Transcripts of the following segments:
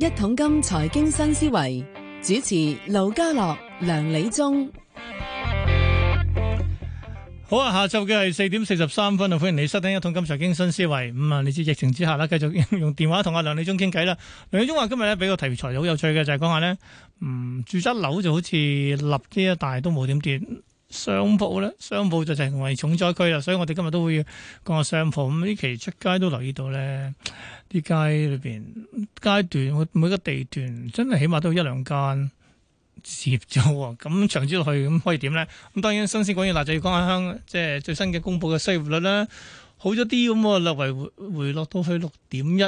一桶金財經新思維，主持盧家樂、梁理中，好啊！下晝嘅係四點四十三分啊！歡迎你收聽《一桶金財經新思維》。咁啊，你知疫情之下啦，繼續用電話同阿梁理中傾偈啦。梁理中話今日咧俾個題材好有趣嘅，就係、是、講下呢：嗯，住宅樓就好似立啲啊，但係都冇點跌。商鋪咧，商鋪就成為重災區啦，所以我哋今日都會講下商鋪。咁呢期出街都留意到咧，啲街裏邊階段，每個地段真係起碼都有一兩間接咗。咁、嗯、長之落去，咁、嗯、可以點咧？咁、嗯、當然新鮮講嘢，嗱就要講下香，即、就、係、是、最新嘅公布嘅失業率啦，好咗啲咁喎，略為回、回落到去六點一。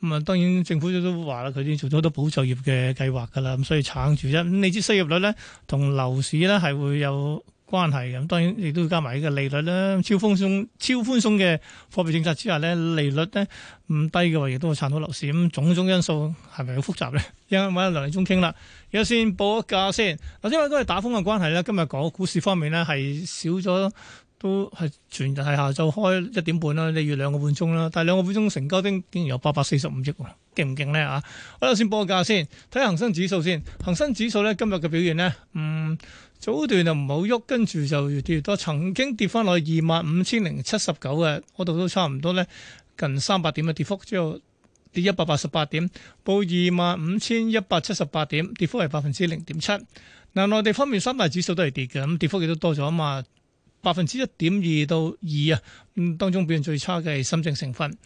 咁啊，當然政府都都話啦，佢已經做咗好多補就業嘅計劃㗎啦，咁所以撐住啫。咁你知失業率咧，同樓市咧係會有關係嘅。咁當然亦都要加埋呢個利率啦。超寬鬆、超寬鬆嘅貨幣政策之下咧，利率咧唔低嘅話，亦都會撐到樓市。咁種種因素係咪好複雜咧？一揾梁理中傾啦，而家先報一價先。嗱，因為都係打風嘅關係咧，今日講股市方面咧係少咗，都係全日係下晝開一點半啦，你要兩個半鐘啦，但係兩個半鐘成交丁竟然有八百四十五億喎，勁唔勁咧啊？好啦，我哋先報個價先，睇下恒生指數先。恒生指數咧今日嘅表現呢，嗯，早段就唔好喐，跟住就越跌越多，曾經跌翻落去二萬五千零七十九嘅，嗰度都差唔多咧，近三百點嘅跌幅之後，跌一百八十八點，報二萬五千一百七十八點，跌幅係百分之零點七。嗱，內地方面三大指數都係跌嘅，咁跌幅亦都多咗嘛。百分之一點二到二啊，咁當中表現最差嘅係深圳成分。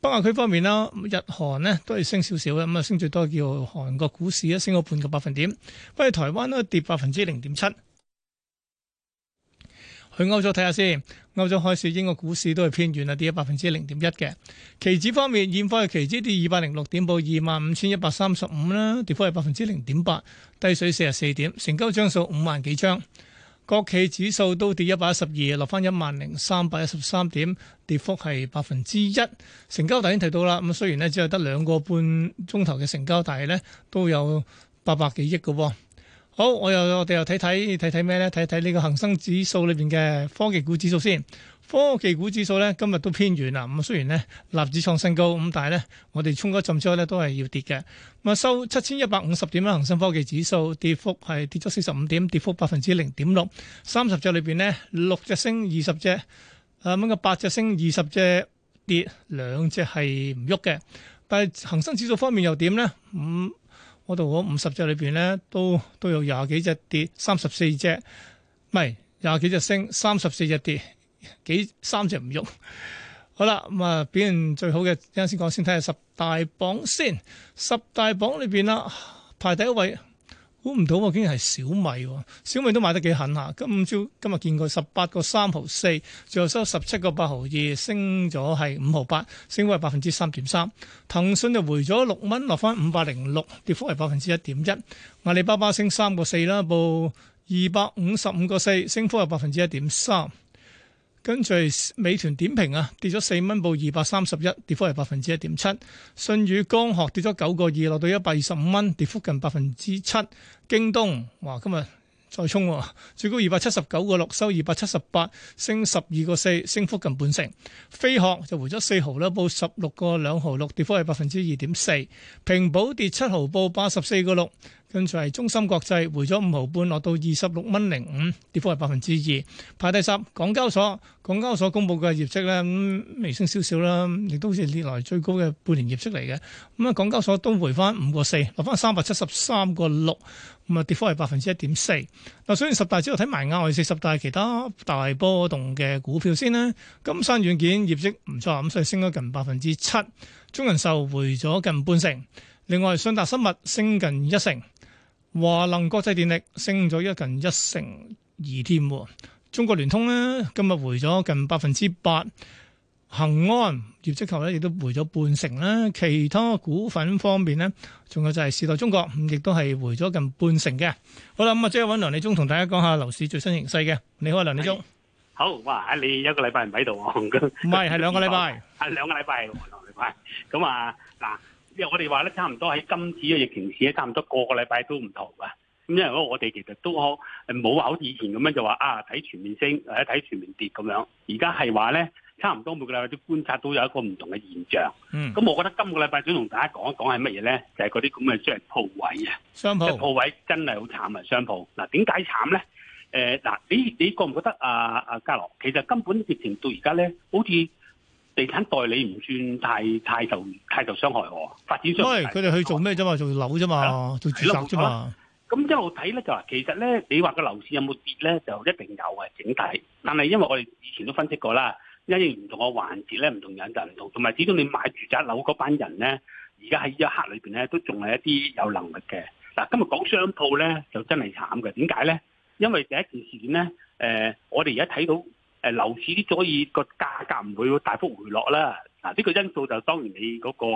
北亞區方面啦，日韓呢都係升少少嘅，咁啊升最多叫韓國股市啦，升咗半個百分點。不過台灣呢跌百分之零點七。去歐洲睇下先，歐洲開市英國股市都係偏軟啦，跌咗百分之零點一嘅。期指方面，現貨嘅期指跌二百零六點，報二萬五千一百三十五啦，跌幅係百分之零點八，低水四十四點，成交張數五萬幾張。國企指數都跌一百一十二，落翻一萬零三百一十三點，跌幅係百分之一。成交大已經提到啦，咁雖然咧只有得兩個半鐘頭嘅成交，但係咧都有八百幾億噶。好，我又我哋又睇睇睇睇咩咧？睇睇呢個恒生指數裏邊嘅科技股指數先。科技股指數咧今日都偏軟啦。咁雖然咧納指創新高咁，但係咧我哋沖咗一浸之後咧都係要跌嘅。咁啊收七千一百五十點啦。恒生科技指數跌幅係跌咗四十五點，跌幅百分之零點六。三十隻裏邊咧六隻升，二十隻誒，咁個八隻升，二十隻跌，兩隻係唔喐嘅。但係恒生指數方面又點咧？五嗰度五十隻裏邊咧都都有廿幾隻跌，三十四隻唔係廿幾隻升，三十四隻跌。幾三隻唔喐好啦，咁啊，表現最好嘅一陣先講先睇下十大榜先，十大榜裏邊啦，排第一位估唔到喎，竟然係小米，小米都買得幾狠下，今朝今日見佢十八個三毫四，最後收十七個八毫二，升咗係五毫八，升幅係百分之三點三。騰訊就回咗六蚊，落翻五百零六，跌幅係百分之一點一。阿里巴巴升三個四啦，報二百五十五個四，升幅係百分之一點三。跟住美團點評啊，跌咗四蚊，報二百三十一，跌幅係百分之一點七。舜宇光學跌咗九個二，落到一百二十五蚊，跌幅近百分之七。京東話今日再衝、啊，最高二百七十九個六，收二百七十八，升十二個四，升幅近半成。飛鶴就回咗四毫啦，報十六個兩毫六，跌幅係百分之二點四。平保跌七毫，報八十四個六。跟隨係中心國際回咗五毫半，落到二十六蚊零五，跌幅係百分之二，排第十。港交所，港交所公布嘅業績咧，微升少少啦，亦都好似歷來最高嘅半年業績嚟嘅。咁啊，港交所都回翻五個四，落翻三百七十三個六，咁啊，跌幅係百分之一點四。嗱，所以十大之後睇埋，額外四十大其他大波動嘅股票先咧。金山軟件業績唔錯，咁所以升咗近百分之七。中銀壽回咗近半成，另外信達生物升近一成。華能國際電力升咗一近一成二添，中國聯通咧今日回咗近百分之八，恒安業績後咧亦都回咗半成啦。其他股份方面咧，仲有就係時代中國，咁亦都係回咗近半成嘅。好啦，咁啊，即係揾梁理中同大家講下樓市最新形勢嘅。你好，梁理中。好哇，你一個禮拜唔喺度，唔係係兩個禮拜，係兩個禮拜，兩個禮拜。咁啊嗱。都不同因為我哋話咧，差唔多喺今次嘅疫情市咧，差唔多個個禮拜都唔同嘅。咁因為我哋其實都好，冇好似以前咁樣就話啊睇全面升或者睇全面跌咁樣。而家係話咧，差唔多每個禮拜都觀察到有一個唔同嘅現象。咁我覺得今個禮拜想同大家講一講係乜嘢咧，就係嗰啲咁嘅即係商鋪位，鋪位啊，商鋪即係鋪位真係好慘啊！商鋪嗱，點解慘咧？誒、啊、嗱，你你覺唔覺得啊啊嘉樂其實根本疫情到而家咧，好似～地產代理唔算太太，太受太受傷害我。我發展商唔係佢哋去做咩啫嘛？做樓啫嘛？做住宅啫嘛？咁一路睇咧就話，其實咧你話個樓市有冇跌咧，就一定有嘅整體。但係因為我哋以前都分析過啦，因為唔同嘅環節咧，唔同人就唔同，同埋始終你買住宅樓嗰班人咧，而家喺呢一刻裏邊咧，都仲係一啲有能力嘅。嗱，今日講商鋪咧，就真係慘嘅。點解咧？因為第一件事件咧，誒、呃，我哋而家睇到。誒、呃、樓市所以個價格唔會大幅回落啦。嗱、啊，呢、這個因素就當然你嗰、那個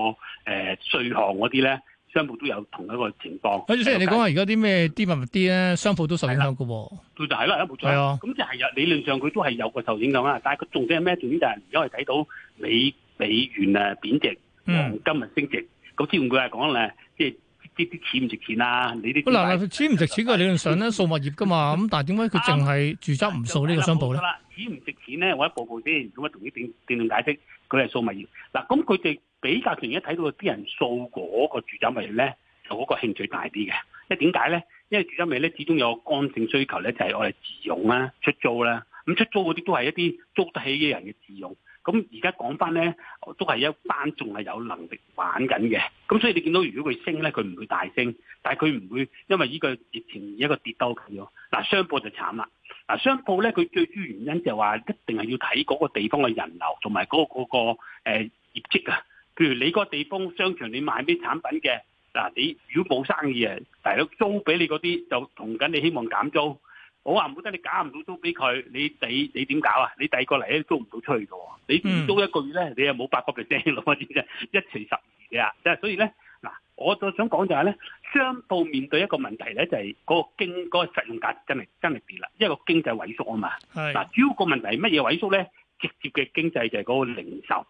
誒稅項嗰啲咧，商鋪都有同一個情況。好似你講話，而家啲咩啲物物啲咧，商鋪都受影響嘅喎。對，就係、是、啦，冇錯。係啊，咁即係理論上佢都係有個受影響啦。但係佢重點係咩？重點就係而家係睇到美美元啊、貶值，黃金物升值。咁自然佢話講咧，即係啲啲錢唔值錢啊。你啲嗱，錢唔值錢嘅、啊就是就是、理論上咧，掃 物業嘅嘛。咁 但係點解佢淨係住宅唔掃呢個商鋪咧？就是只唔值錢咧，我一步步先，咁啊同啲點點解釋，佢係數物業。嗱，咁佢哋比較突然一睇到啲人數嗰個住宅物業咧，就嗰個興趣大啲嘅。因為點解咧？因為住宅物業咧，始終有剛性需求咧，就係我哋自用啦、出租啦。咁出租嗰啲都係一啲租得起嘅人嘅自用。咁而家講翻咧，都係一班仲係有能力玩緊嘅。咁所以你見到，如果佢升咧，佢唔會大升，但係佢唔會因為呢個疫情而一個跌到 K 咯。嗱，商鋪就慘啦。嗱，商鋪咧，佢最主要原因就係話一定係要睇嗰個地方嘅人流同埋嗰個、嗰個誒、嗰個嗰個、業績啊。譬如你嗰個地方商場，你賣啲產品嘅嗱，你如果冇生意啊，大佬租俾你嗰啲就同緊你希望減租。我話唔好得，你搞唔到租俾佢，你抵，你點搞啊？你第二個嚟咧租唔到出去㗎喎，你租一個月咧，你又冇八個 percent 啫，嗯、 一除十二嘅啊！即係所以咧，嗱，我就想講就係、是、咧，商鋪面對一個問題咧，就係嗰個經嗰、嗰個實用價值真係真係跌啦，因為個經濟萎縮啊嘛。嗱，主要個問題係乜嘢萎縮咧？直接嘅經濟就係嗰個零售。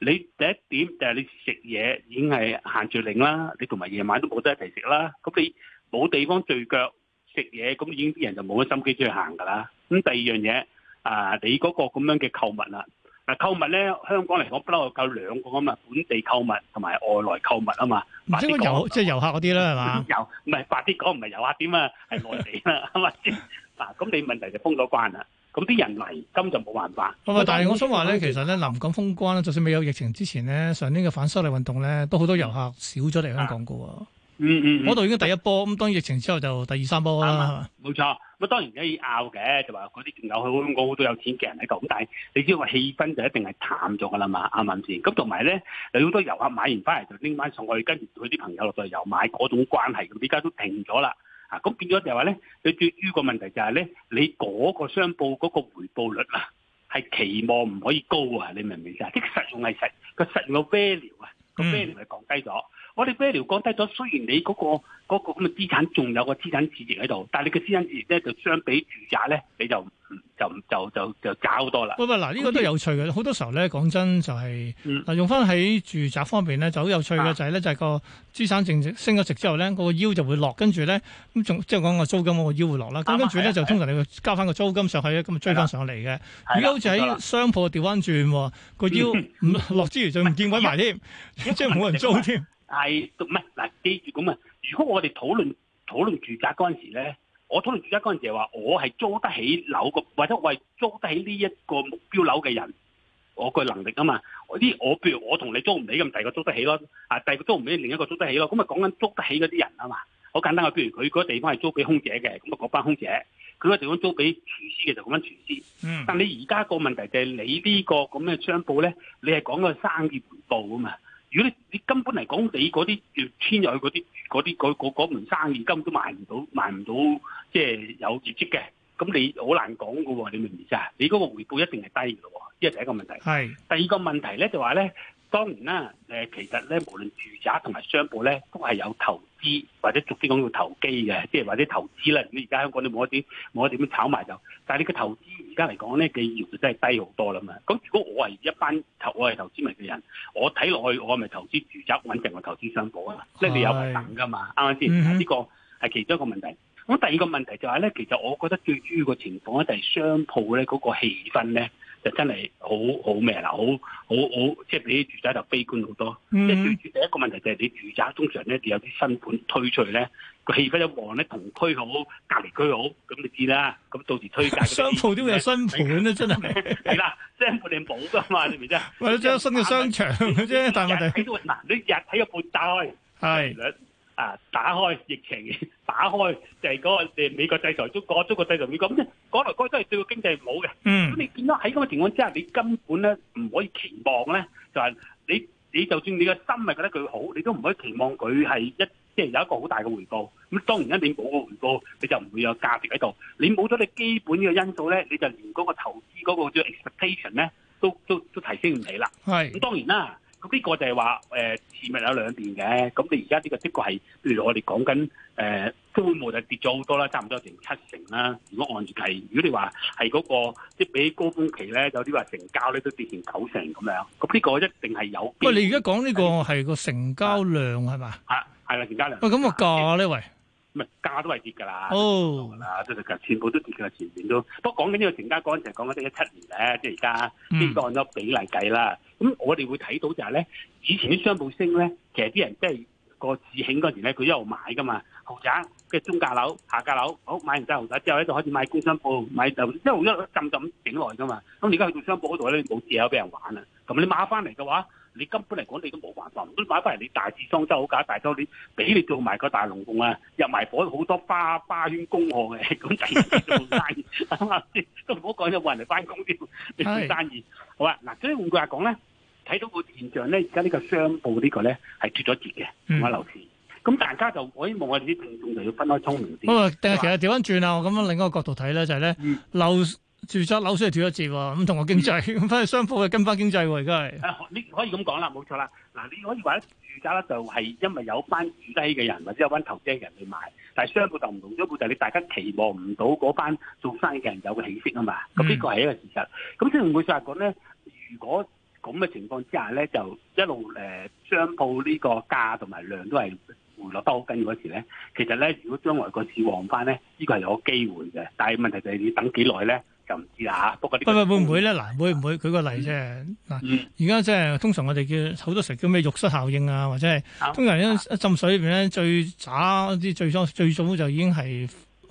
你第一點就係你食嘢已經係限聚令啦，你同埋夜晚都冇得一齊食啦，咁你冇地方聚腳。食嘢咁，已經啲人就冇乜心機出去行㗎啦。咁第二樣嘢啊，你嗰個咁樣嘅購物啦，嗱購物咧，香港嚟講不嬲係靠兩個啊嘛,本地購物同埋外來購物啊嘛。唔知個遊即係遊客嗰啲啦，係嘛？遊唔係白啲講，唔係遊客點啊，係內地啦係嘛？嗱咁你問題就封咗關啦，咁啲人嚟金就冇辦法。唔係，但係我想話咧，其實咧，臨、嗯、港封關咧，就算未有疫情之前咧，上年嘅反修例運動咧，都好多遊客少咗嚟香港噶嗯,嗯嗯，度已經第一波，咁、嗯、當疫情之後就第二三波啦。冇、嗯、錯，咁當然可以拗嘅，就話嗰啲仲有去澳門好多有錢嘅人喺度，咁但係你知個氣氛就一定係淡咗噶啦嘛，啱唔啱先？咁同埋咧，有好多遊客買完翻嚟就拎翻上去，跟住佢啲朋友落去又買嗰種關係，咁而家都停咗啦。啊，咁變咗就係話咧，你對於個問題就係、是、咧，你嗰個商鋪嗰個回報率啊，係期望唔可以高啊，你明唔明先？即實用係實，個實用 value 啊、嗯，個 value 係降低咗。我哋比例講低咗，雖然你嗰個嗰個咁嘅資產仲有個資產市值喺度，但係你嘅資產市值咧就相比住宅咧，你就就就就就交多啦。喂喂，嗱呢個都有趣嘅，好多時候咧講真就係、是、嗱、嗯，用翻喺住宅方面咧就好有趣嘅就係、是、咧、啊、就係、是、個資產價值升咗值之後咧，嗰個腰就會落，跟住咧咁仲即係講個租金我、嗰個腰會落啦。咁跟住咧就通常你會交翻個租金上去咧，咁追翻上嚟嘅。而家好似喺商鋪掉翻轉，嗰個腰唔落、嗯、之餘就唔見鬼埋添，即係冇人租添。嗯嗯嗯 係，唔係嗱？記住咁啊！如果我哋討論討論住宅嗰陣時咧，我討論住宅嗰陣時話，我係租得起樓個，或者我係租得起呢一個目標樓嘅人，我個能力啊嘛。我啲我譬如我同你租唔起咁，第二個租得起咯。啊，第二個租唔起，另一個租得起咯。咁啊，講緊租得起嗰啲人啊嘛。好簡單啊，譬如佢嗰地方係租俾空姐嘅，咁啊嗰班空姐；佢嗰地方租俾廚師嘅，就咁樣廚師。但你而家個問題就係你呢個咁嘅商鋪咧，你係講個生意回報啊嘛。如果你你根本嚟講你嗰啲要遷入去嗰啲嗰啲嗰嗰嗰門生意根本都賣唔到賣唔到即係有業績嘅，咁你好難講噶，你明唔明啫？你嗰個回報一定係低㗎，呢個第一個問題。係第二個問題咧就話咧。當然啦，誒其實咧，無論住宅同埋商鋪咧，都係有投資或者俗啲講叫投機嘅，即係或者投資啦。你而家香港都冇一啲，冇一點咁炒賣就，但係你嘅投資而家嚟講咧嘅要求真係低好多啦嘛。咁如果我係一班投我係投資物嘅人，我睇落去我係咪投資住宅穩定過投資商鋪啊？即係你有份㗎嘛？啱啱先？呢、嗯、個係其中一個問題。咁第二個問題就係咧，其實我覺得最主要嘅情況咧就係商鋪咧嗰、那個氣氛咧，就真係好好咩啦，好好好，即係比啲住宅就悲觀好多。即、嗯、係、就係、對住第一個問題就係你住宅通常咧有啲新盤推出嚟咧，個氣氛一旺咧，同區好，隔離區好，咁你就知啦。咁到時推介 商鋪 都有新盤啦，真係係啦，即係佢哋冇㗎嘛，係 咪？即明啫？為咗將新嘅商場啫，但問題係嗱，你日睇個半打開啊！打開疫情，打開就係嗰個，你美國制裁中國，中國制裁美國，咁即係講來講去都係對個經濟唔好嘅。咁你見到喺咁嘅情況之下，你根本咧唔可以期望咧，就係你你就算你嘅心係覺得佢好，你都唔可以期望佢係一即係有一個好大嘅回報。咁當然，你冇個回報，你就唔會有價值喺度。你冇咗你基本嘅因素咧，你就連嗰個投資嗰個叫 expectation 咧，都都都提升唔起啦。係咁，當然啦。呢、這個就係話誒事物有兩邊嘅，咁你而家呢個的確係，譬如我哋講緊誒租務就跌咗好多啦，差唔多成七成啦。如果按住計，如果你話係嗰個即係比高峰期咧，有啲話成交咧都跌成九成咁樣。咁、嗯、呢、這個一定係有。喂，你而家講呢個係個成交量係嘛？係係啦，成交量。喂、啊，咁個價咧，喂。唔係價都係跌㗎啦，哦到㗎全部都跌嘅，全面都。不過講緊呢個成交，剛才講緊啲一七年咧，即係而家，呢個按咗比例計啦。咁我哋會睇到就係、是、咧，以前啲商鋪升咧，其實啲人即係個市興嗰陣時咧，佢一路買㗎嘛，豪宅嘅中價樓、下價樓，好買完晒豪宅之後咧，就開始買工商鋪，買就一紅一綠浸浸勁耐㗎嘛。咁而家去到商鋪嗰度咧，冇由俾人玩啦。咁你買翻嚟嘅話，你根本嚟講，你都冇辦法。你買翻嚟，你大致裝修好搞大周你俾你做埋個大龍鳳啊，入埋火好多花花圈公項嘅咁就唔做生意。 都唔好講有冇人嚟翻工添，你做生意好啊。嗱，所以換句話講咧，睇到個現象咧，而家呢個商鋪呢個咧係脫咗節嘅，而家、嗯、樓市。咁大家就我希望我哋啲觀眾就要分開聰明啲。啊，定係其實調翻轉啊！我咁樣另一個角度睇咧，就係、是、咧樓。嗯住宅樓先係跌一次喎，咁同我經濟咁，反而商鋪係跟翻經濟喎，而家係。誒，你可以咁講啦，冇錯啦。嗱，你可以話咧，住宅咧就係因為有班住低嘅人或者有班投資嘅人去買，但係商鋪就唔同，商鋪就係、是、你大家期望唔到嗰班做生意嘅人有起色啊嘛。咁呢個係一個事實。咁即係唔會再講咧。如果咁嘅情況之下咧，就一路誒商鋪呢個價同埋量都係回落，得好緊要嗰時咧。其實咧，如果將來市旺、個市旺翻咧，呢個係有機會嘅。但係問題就係你等幾耐咧？就唔知啦嚇，不過個不會不會呢個會唔會咧？嗱、啊，會唔會、啊、舉個例先？嗱、啊，而家即係通常我哋叫好多時叫咩肉質效應啊，或者係、啊、通常一浸水裏邊咧，最渣啲、最初最早就已經係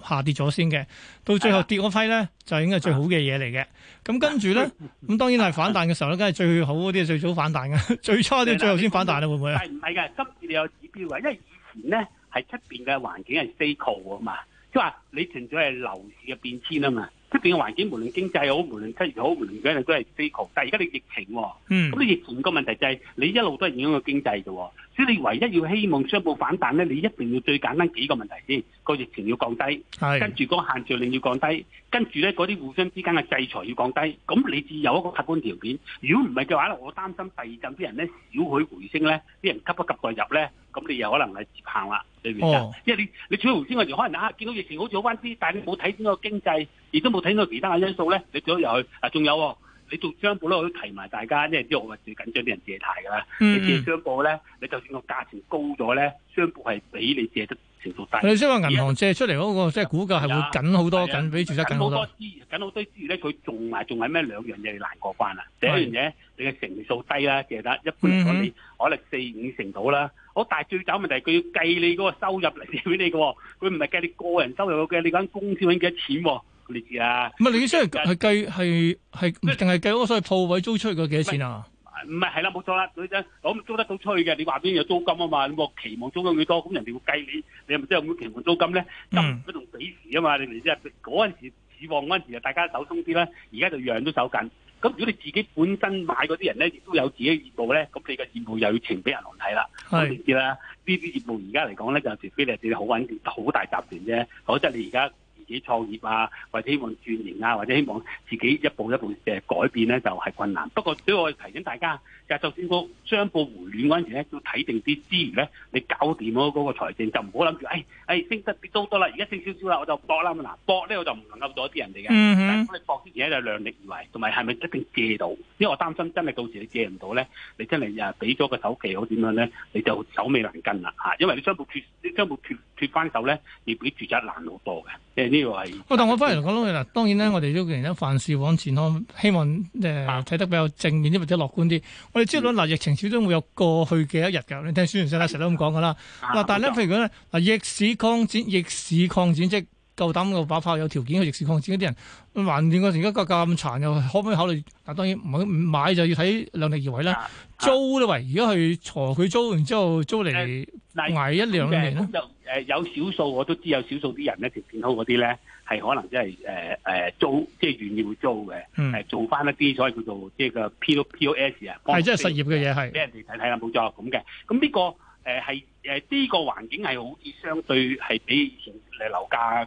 下跌咗先嘅，到最後跌嗰批咧、啊、就應該係最好嘅嘢嚟嘅。咁跟住咧，咁、啊啊啊啊、當然係反彈嘅時候咧，梗、啊、係最好嗰啲最早反彈嘅，最初啲最後先反彈啦，會唔會啊？但係唔係嘅，今次你有指標啊，因為以前咧係出邊嘅環境係 cycle 啊嘛，即係話你存在係樓市嘅變遷啊嘛。嗯出邊嘅環境，無論經濟又好，無論質素又好，無論點樣都係 stable。但係而家你疫情，咁你疫情個問題就係、是、你一路都係影響個經濟嘅、哦。所以你唯一要希望商鋪反彈咧，你一定要最簡單幾個問題先，個疫情要降低，跟住嗰個限聚令要降低，跟住咧嗰啲互相之間嘅制裁要降低。咁你至有一個客觀條件。如果唔係嘅話，我擔心第二陣啲人咧少許回升咧，啲人急不及待入咧，咁你又可能係接行啦，對唔住。因為你你少許回升嗰陣，可能啊見到疫情好似好翻啲，但係你冇睇到個經濟。亦都冇睇到其他嘅因素咧，你咗入去啊，仲有你做商鋪咧，我都提埋大家，即係啲我最緊張啲人借貸㗎啦、嗯嗯。你借商鋪咧，你就算個價錢高咗咧，商鋪係比你借得成數低。你即係話銀行借出嚟嗰個，即係估計係會緊好多、啊啊啊、多，緊比住宅緊好多。緊好多之緊好多之餘咧，佢仲埋仲係咩兩樣嘢難過關啊？第一樣嘢、嗯，你嘅成數低啦，借得一般嚟講你可能四五成到啦。好，但係最搞問題係佢要計你嗰個收入嚟俾你嘅喎，佢唔係計你個人收入，佢計你間公司揾幾多錢喎。你知啊？唔係你即係係計係係，淨係計嗰所以鋪位租出去幾多錢啊？唔係係啦，冇錯啦，嗰啲我咁租得到出去嘅，你話邊有租金啊嘛？你個期望租金幾多？咁人哋會計你，你係咪即係咁期望租金咧？就唔同比時啊嘛，你明唔明先？嗰陣時市旺，嗰時就大家手鬆啲啦，而家就樣都手緊。咁如果你自己本身買嗰啲人咧，亦都有自己嘅業務咧，咁你嘅業務又要呈俾銀行睇啦。你知啦，呢啲業務而家嚟講咧，就除非你係啲好穩好大集團啫，否則你而家。自己創業啊，或者希望轉型啊，或者希望自己一步一步嘅改變咧，就係、是、困難。不過都要我提醒大家，其實就算個商鋪回暖嗰陣時咧，要睇定啲之餘咧，你搞掂咗嗰個財政，就唔好諗住，誒、哎、誒、哎、升得啲都多啦，而家升少少啦，我就搏啦。嗱，搏咧我就唔能夠做一啲人哋嘅。嗯哼。我哋搏之前就是、量力而為，同埋係咪一定借到？因為我擔心真係到時你借唔到咧，你真係啊俾咗個首期，好點樣咧，你就手尾難跟啦嚇。因為你商鋪脫你商鋪脫脫翻手咧，你俾住宅難好多嘅。呢個係，我但我翻嚟講到咧，嗱，當然咧，我哋都其實凡事往前看，希望即睇得比較正面啲或者樂觀啲。我哋知道咧，嗱，疫情始終會有過去嘅一日㗎。你聽孫楊生咧成日都咁講㗎啦。嗱，但係咧，譬如講咧，逆市擴展，逆市擴展即夠膽夠爆發，有條件嘅逆市擴張啲人，還掂個而家價咁殘，又可唔可以考慮？但當然唔買就要睇量力而為啦。租咧，喂，而家去鋤佢租，然之後租嚟捱一兩年。嗯嗯、是就誒有少數我都知有少數啲人咧，條件好嗰啲咧，係可能真係誒誒租，即係願意會租嘅，係做翻一啲所謂叫做即係個 P P O S 啊，係即係實業嘅嘢係俾人哋睇睇下冇錯咁嘅。咁呢個係呢個環境係好似相對係比以前誒樓價。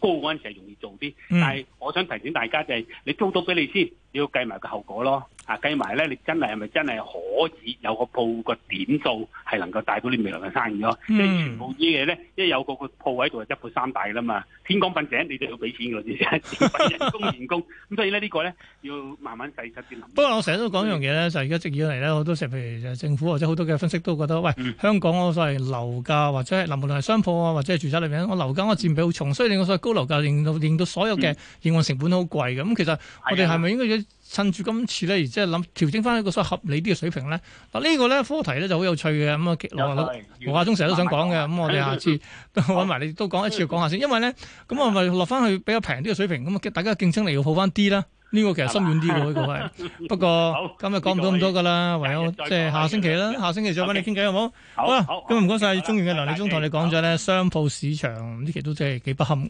高嗰陣時係容易做啲，嗯，但係我想提醒大家就係、是、你租到俾你先。要計埋個後果咯，啊計埋咧，你真係係咪真係可以有個鋪個點數係能夠帶到你未來嘅生意咯？即、嗯、係全部啲嘢咧，因為有個個鋪位度係一鋪三大噶啦嘛。天光瞓醒，你就要俾錢㗎啦， 人工人工咁， 所以呢呢，呢個咧要慢慢細細地諗。 不過我成日都講一樣嘢咧，就而家直至嚟咧，好多成譬如誒政府或者好多嘅分析都覺得，喂，嗯、香港我所謂樓價或者係，林無論係商鋪啊或者係住宅裏面，我樓價我佔比好重，所以令我所謂高樓價令到令到所有嘅營運成本都好貴嘅。咁、嗯嗯嗯、其實我哋係咪應該要？趁住今次咧，而即係諗調整翻一個相對合理啲嘅水平咧。嗱，呢個咧科題咧就好有趣嘅。咁、嗯、啊，羅華忠成日都想講嘅。咁我哋下次、嗯、都揾埋你都講一次，講下先。因為咧，咁我咪落翻去比較平啲嘅水平。咁啊，啊，啊、嗯、啊，啊，大家競爭力要好翻啲啦。呢、這個其實深遠啲嘅呢個係。不過、啊啊、今日講唔到咁多噶啦，這個，唯有即係下，下星期啦。下星期再揾你傾偈好冇？好啦，今日唔該晒中原嘅梁理中同你講咗咧，商鋪市場呢期都真係幾不堪。